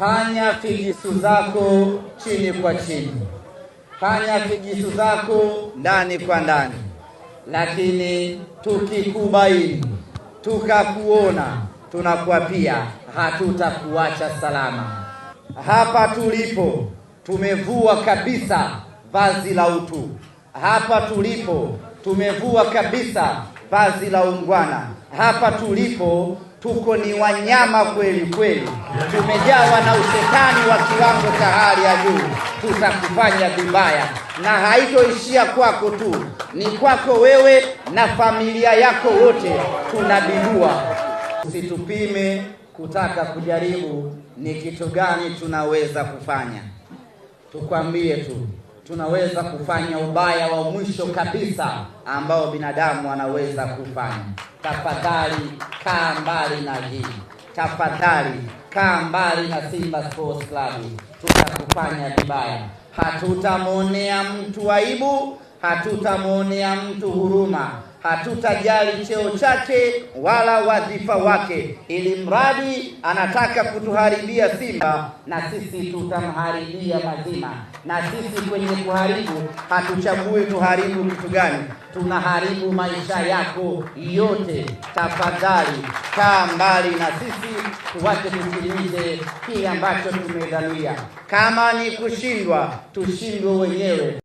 Fanya figisu zako chini kwa chini, fanya figisu zako ndani kwa ndani. Lakini tukikubaini tukakuona, tunakuwa pia hatutakuacha salama. Hapa tulipo tumevua kabisa vazi la utu. Hapa tulipo tumevua kabisa vazi la ungwana. Hapa tulipo tuko ni wanyama kweli kweli, tumejawa na ushetani wa kiwango cha hali ya juu. Tutakufanya vibaya, na haitoishia kwako tu, ni kwako wewe na familia yako wote. Tunabidua, usitupime kutaka kujaribu ni kitu gani tunaweza kufanya. Tukwambie tu tunaweza kufanya ubaya wa mwisho kabisa ambao binadamu anaweza kufanya. Tafadhali kaa mbali na hii, tafadhali kaa mbali na Simba Sports Club, tutakufanya vibaya. Hatutamwonea mtu aibu, hatutamwonea mtu huruma hatutajali cheo chake wala wadhifa wake, ili mradi anataka kutuharibia Simba na sisi tutamharibia mazima. Na sisi kwenye kuharibu hatuchagui tuharibu kitu gani, tunaharibu maisha yako yote. Tafadhali kaa mbali na sisi, tuwache tutimize kile ambacho tumedhamia. Kama ni kushindwa, tushindwe wenyewe.